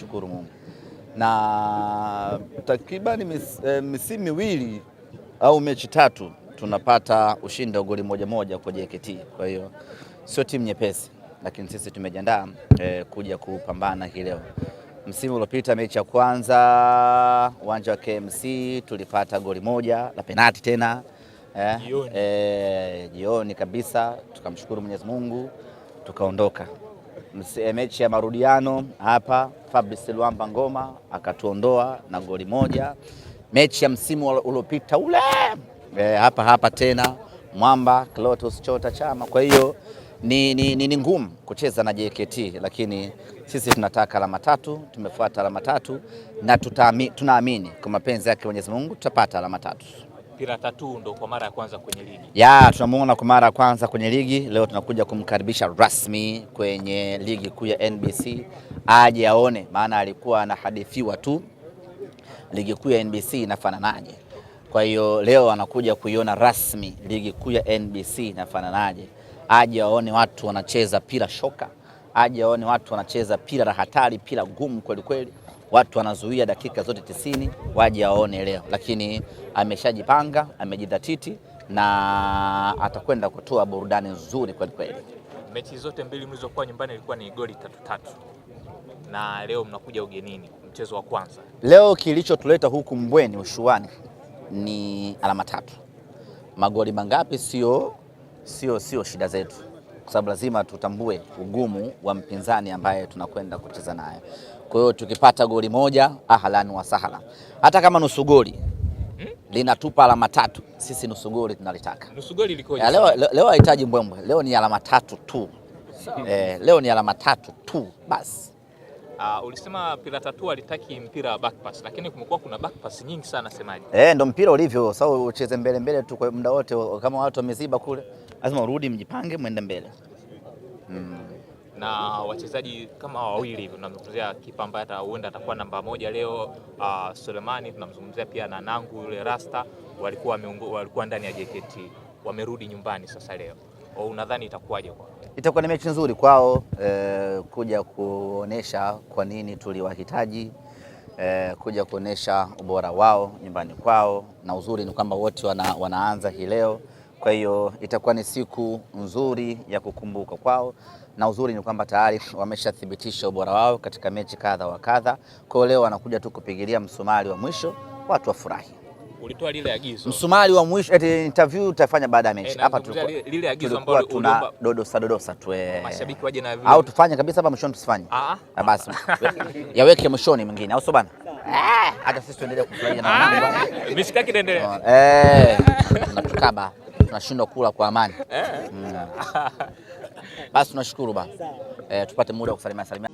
Shukuru Mungu. Na takribani eh, misimu miwili au mechi tatu tunapata ushindi wa goli moja moja kwa JKT. Kwa hiyo sio timu nyepesi, lakini sisi tumejiandaa e, kuja kupambana hii leo. Msimu uliopita mechi ya kwanza uwanja wa KMC tulipata goli moja la penati tena eh, jioni. Eh, kabisa, tukamshukuru Mwenyezi Mungu tukaondoka Eh, mechi ya marudiano hapa Fabrice Luamba Ngoma akatuondoa na goli moja. Mechi ya msimu uliopita ule e, hapa hapa tena Mwamba Clatous Chota Chama. Kwa hiyo ni, ni, ni, ni ngumu kucheza na JKT, lakini sisi tunataka alama tatu, tumefuata alama tatu na tunaamini kwa mapenzi yake Mwenyezi Mungu tutapata alama tatu. Pirata tatu ndo kwa mara ya kwanza kwenye ligi ya tunamuona kwa mara ya kwanza kwenye ligi. Leo tunakuja kumkaribisha rasmi kwenye ligi kuu ya NBC aje aone, maana alikuwa anahadithiwa tu ligi kuu ya NBC inafananaje. Kwa hiyo leo anakuja kuiona rasmi ligi kuu ya NBC inafananaje, aje aone watu wanacheza pira shoka, aje aone watu wanacheza pira la hatari, pira gumu kwelikweli watu wanazuia dakika zote tisini waje waone leo, lakini ameshajipanga, amejidhatiti na atakwenda kutoa burudani nzuri kweli kweli. Mechi zote mbili mlizokuwa nyumbani ilikuwa ni goli tatu tatu, na leo mnakuja ugenini, mchezo wa kwanza leo. Kilichotuleta huku Mbweni Ushuani ni alama tatu. Magoli mangapi sio sio sio shida zetu kwa sababu lazima tutambue ugumu wa mpinzani ambaye tunakwenda kucheza naye. Kwa hiyo tukipata goli moja, ahlan wa sahlan, hata kama nusu goli linatupa alama tatu. Sisi nusu goli tunalitaka. Nusu goli ilikoje? Leo hahitaji mbwembwe, leo ni alama tatu tu. Eh, leo ni alama tatu tu basi. Uh, ulisema pila tatu alitaki mpira wa backpass lakini kumekuwa kuna backpass nyingi sana semaji. Eh, ndo mpira ulivyo sasa, ucheze mbele mbele tu kwa muda wote, kama watu wameziba kule, lazima urudi, mjipange, mwende mbele mm. Na wachezaji kama wawili hivi tunamzungumzia kipa ambaye huenda atakuwa namba moja leo uh, ah, Sulemani tunamzungumzia pia na Nangu yule Rasta walikuwa walikuwa ndani ya JKT wamerudi nyumbani sasa leo unadhani itakuwaje kwa Itakuwa ni mechi nzuri kwao e, kuja kuonesha kwa nini tuliwahitaji e, kuja kuonesha ubora wao nyumbani kwao, na uzuri ni kwamba wote wana, wanaanza hii leo kwa hiyo itakuwa ni siku nzuri ya kukumbuka kwao, na uzuri ni kwamba tayari wameshathibitisha ubora wao katika mechi kadha wa kadha. Kwa hiyo leo wanakuja tu kupigilia msumari wa mwisho, watu wafurahi ulitoa lile agizo. Msumari wa mwisho eti interview utafanya baada ya mechi. Eh, hapa tulikuwa lile agizo ambalo tuna dodosa dodosa tu eh. Mashabiki waje na vile. Au tufanye kabisa hapa mwishoni tusifanye. Ah, ah. basi. Yaweke mwishoni mwingine au sio bana? Eh, hata sisi tuendelee kufurahia na mambo. Ah, mishikaki inaendelea. Eh. Tunatukaba. Tunashindwa kula kwa amani. Eh. Mm. Basi tunashukuru bana. Eh, tupate muda wa kusalimia salimia.